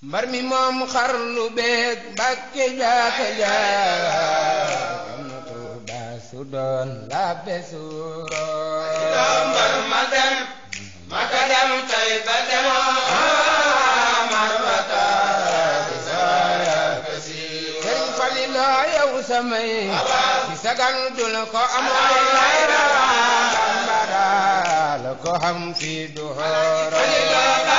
mbar mi moom xarlu beeg mbàkke jaaka jaakam tuuba su doon labbe suuroo mbar ma dem maka dem tey ba demoo mar ma taari saaka siiw sëñ Faliloo yow samay ci sagal dul ko amoon lay la bambara la ko xam fi du xooroo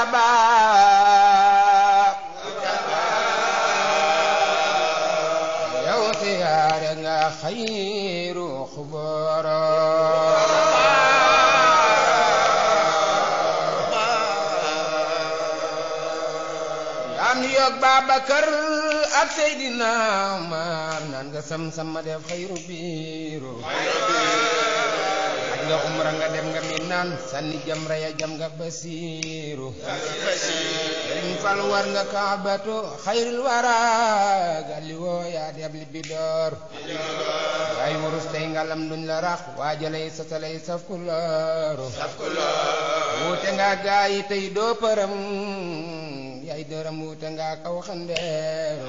كباب يو سيارنا خير خبرا am yoog Babacar ak Seydina Omar naan nga sam sama def xayru biiru nga umra nga dem nga minaan sànni jam raya jam nga basiiru sëriñ war nga kaabatu xayril wara galli woo yaa dem li bidoor waay wurus tey ngalam duñ la rax waajalay sa salay saf kulooru wuute nga gaay tey doo përëm yaay dërëm wuute nga kaw xandeeru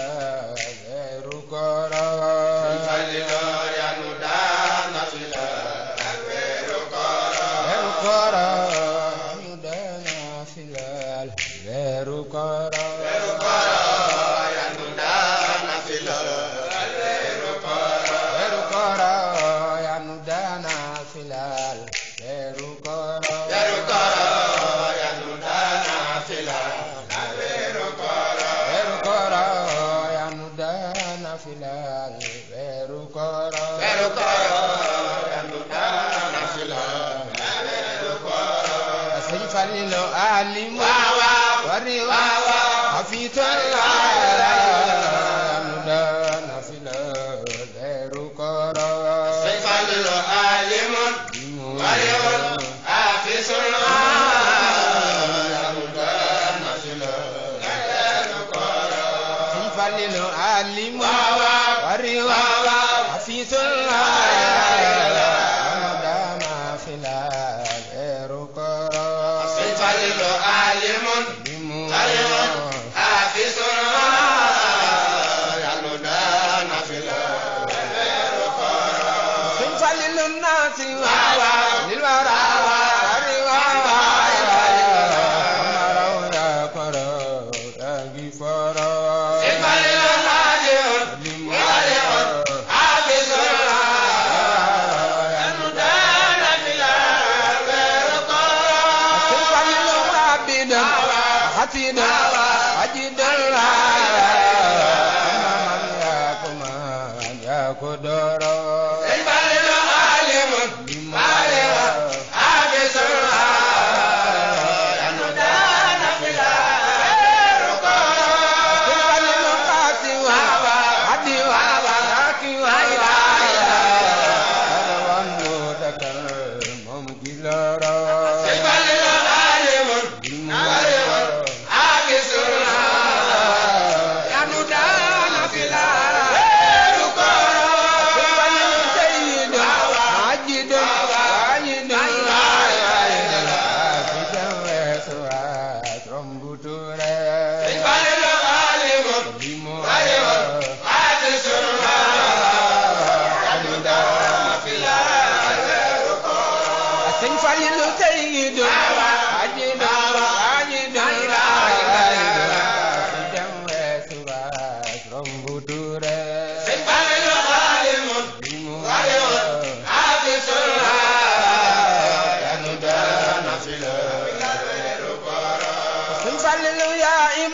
وروا حفيت الله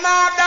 la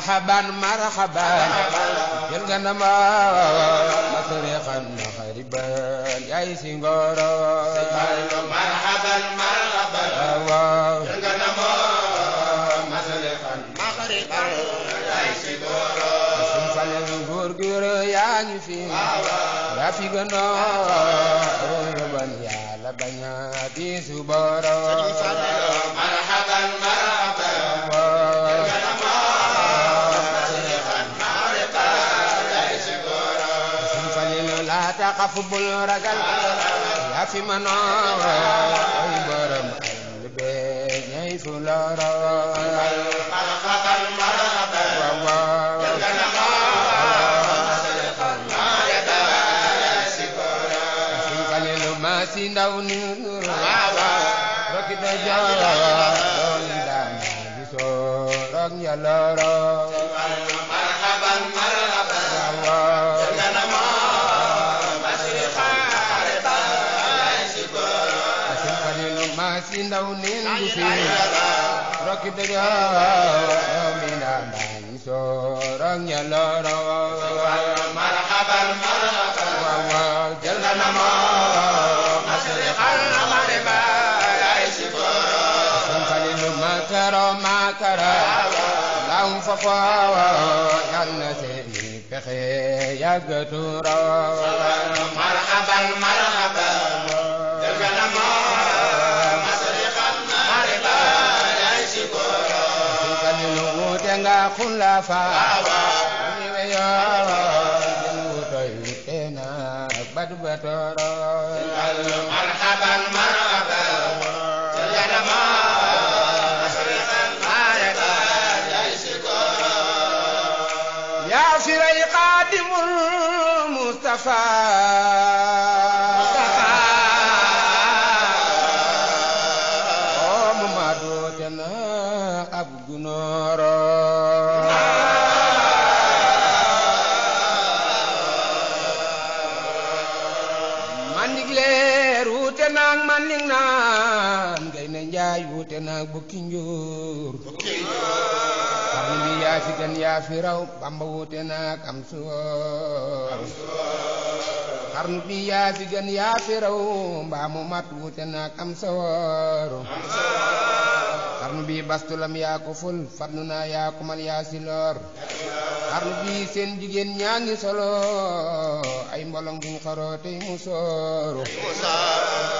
مرحبا مرحبا يا الغنما مسرقا مغربا يا سنغورا مرحبا مرحبا يا الغنما مسرقا مغربا يا سنغورا سنفل غورغور يا نفي يا في غنا ربنا يا لبنا دي سبارا مرحبا taxaf bul ragal yaa fi mënoo ay borom ay be ñay fu la raw ndaw ni ci ndaw nin bu siin rokki te joo mi naa bay soor ak ñalooro marhaban marhaban waaw waaw jël na na moo masri xal na mari baay si kooro sun kalilu makaro makara law fa faawa yal na seeni pexe yàggatu rawa marhaban marhaban nga xulafa iwe yoro jëngu toy tena badu batoro marhaban يا فري قادم المصطفى bokki njóor xarnu bi yaa fi gën yaa fi raw mbaa mu mat wuute naak am sawar xarnu bi bastulam yaa ko ful farnu naa yaa ko yaa si lor xarnu bi seen jigéen ñaa ngi solo ay mbolong buñ xaroo tey mu sooru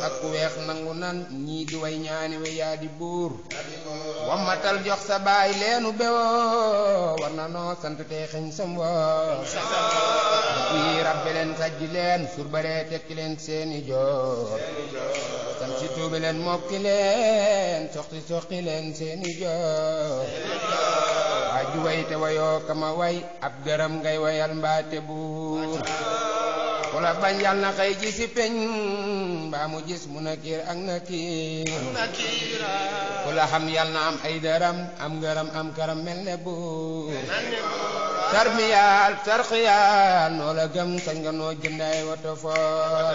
ak weex nangu nan ñii di way ñaani we yaa di buur wammatal jox sa baay leenu bewoo war na noo sant te xeñ sam woo bii rabbi leen sajji leen surbaree tekki leen seeni joor sam si tuubi leen mokki leen soxti soxti leen seeni joor aju way te wayoo kama way ab gërëm ngay wayal mbaate buur ku la bañ yal na xëy ji si peñ mu gis mu nakir ak nakir ku la xam yal na am ay daram am ngaram am karam mel ne buur tarmiyaal tarxiyaal noo la gëm sañ nga noo jëndaay wato foor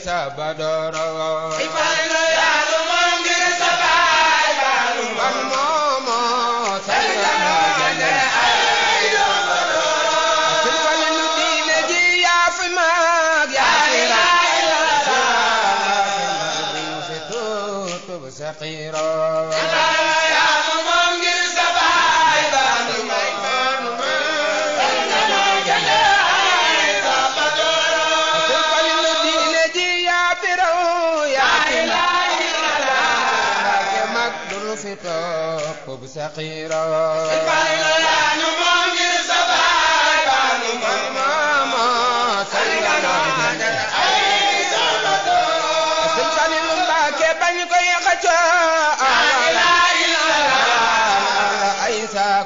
sa badoro فقيرا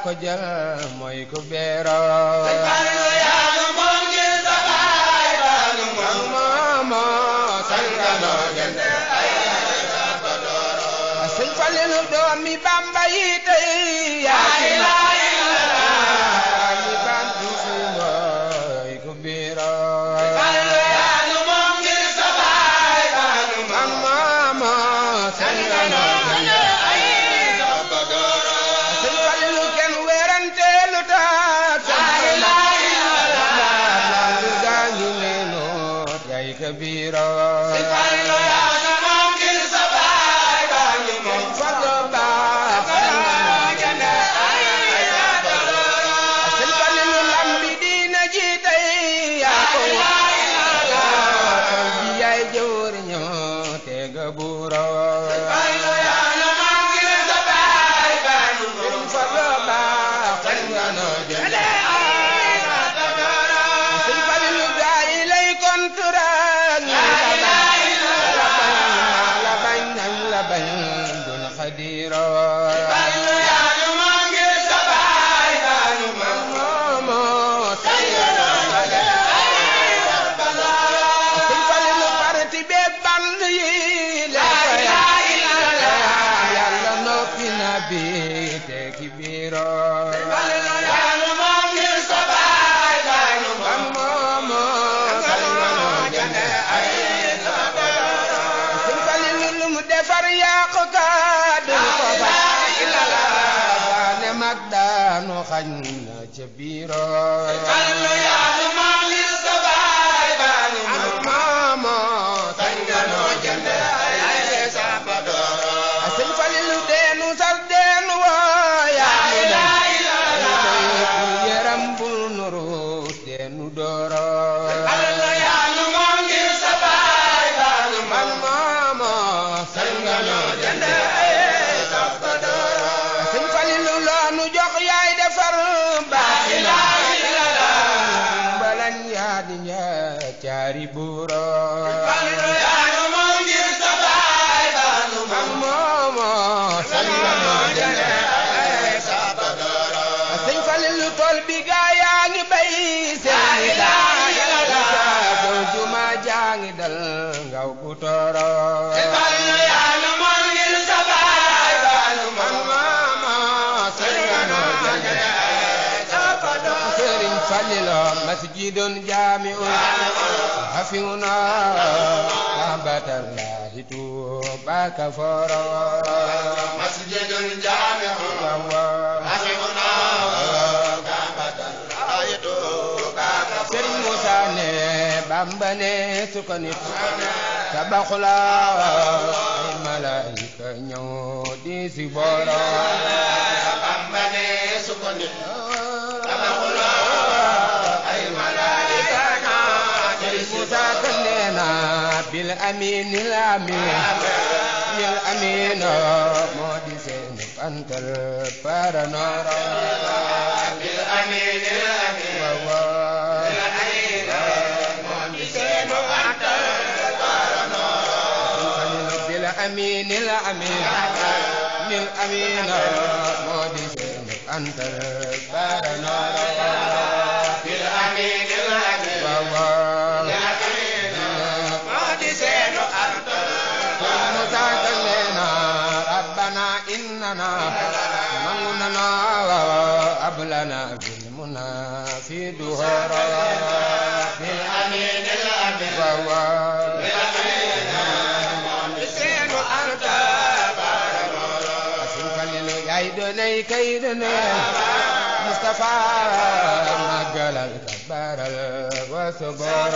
ko jël mooy ku beero yaalu moom ngir sa baay baalu moom moomo sanganoo gende ay sa ko dooro sëñ Falilu doom mi ba كبيرا nu dooro مسجد جامع حفظنا رحمة الله توبى كفارا مسجد جامع حفظنا رحمة الله توبى كفارا سيد موسى بامباني سكنت tabaxula ay malaayika ñëw di si boora bambane su ko nit tabaxula المتاك لنا بالأمين الأمين بالأمين مودي سينب أنت البارنور بالأمين الأمين الأمين الأمين الأمين مودي سينب أنت البارنور lana nangu nana ablana bil muna fi duhara bil amin al amin wa دوني كيدنا مصطفى مقال الكبار وصبر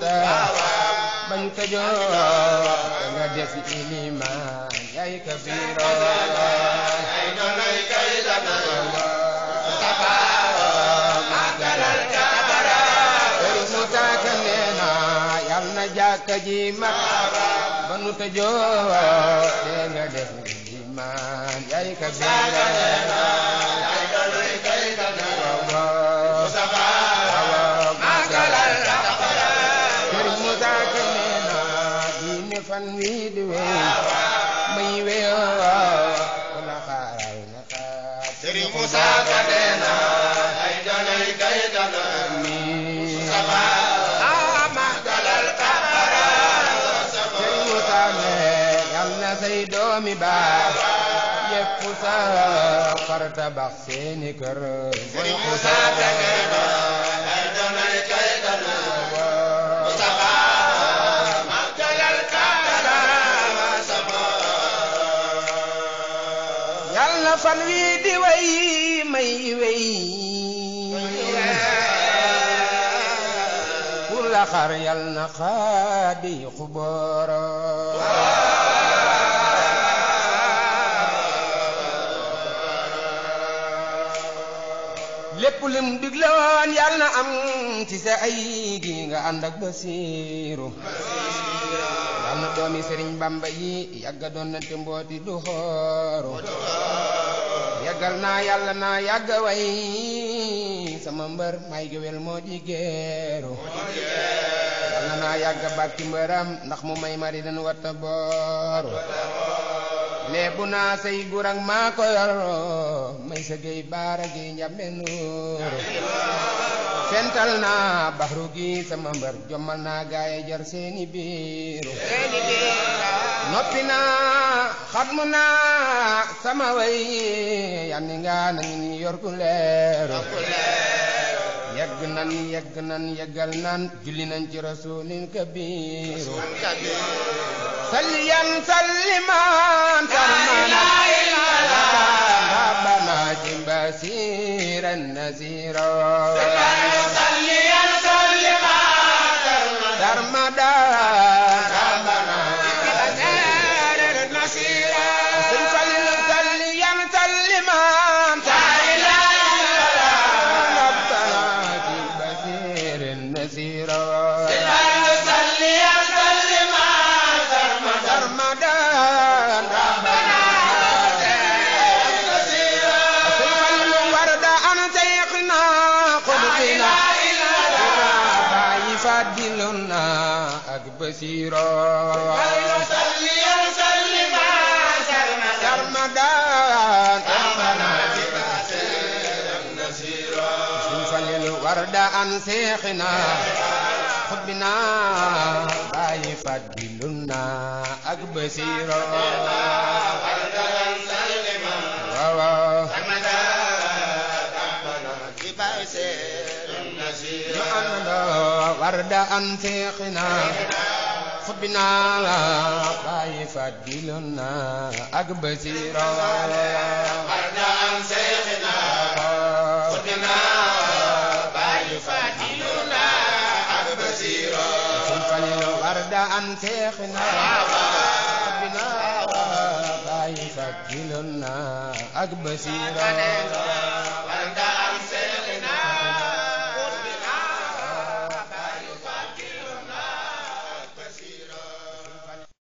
mata bañ tëjoo nga des ilimaan yay kabiro ay donay kay dana jàkka ji mat ba nu tëjoo dee nga def limaan yay kabiro man mii di wéy may wéy waaw ku na xaaral na Ka nee na ay donay kay dana mii sama say doomi baax yëpp sa xar tabax seeni kër mooy xusa na fan wii di way may wey ku la xar yal na xaadi xubooro lépp lim digle woon yal na am ci sa ay nga ànd ak basiiru na doomi sëriñ bamba yi yàgga doon na te mbooti du yàggal naa yàlla naa yàgg way sama mbër may géwél moo di géeru yàlla naa yàgg barki mbëram ndax mu may mari dan watta booru léebu naa say gur ak maa may sa géy baara gi njambe nuuru fental naa gi sama mbër jommal na gaaye jar seeni biiru noppi naa xatmu naa sama way yanninga nañu yor ku leero yegg nan yegg nan yeggal nan julli nañ ci rasulin kabiru salliyan salliman sarmana rabbana jimbasiran nasiro كثيرا ورد عن شيخنا حبنا باي فضلنا أكبسيرا ورد عن سلما وحمدا تعبنا كبسير النسيرا ورد عن شيخنا xutbinaa la bàyyi fat dilon na ak basira ardaan seyxina xutbinaa bàyyi fat dilon na ak basira sun falilu ardaan seyxina xutbinaa bàyyi fat dilon na ak basira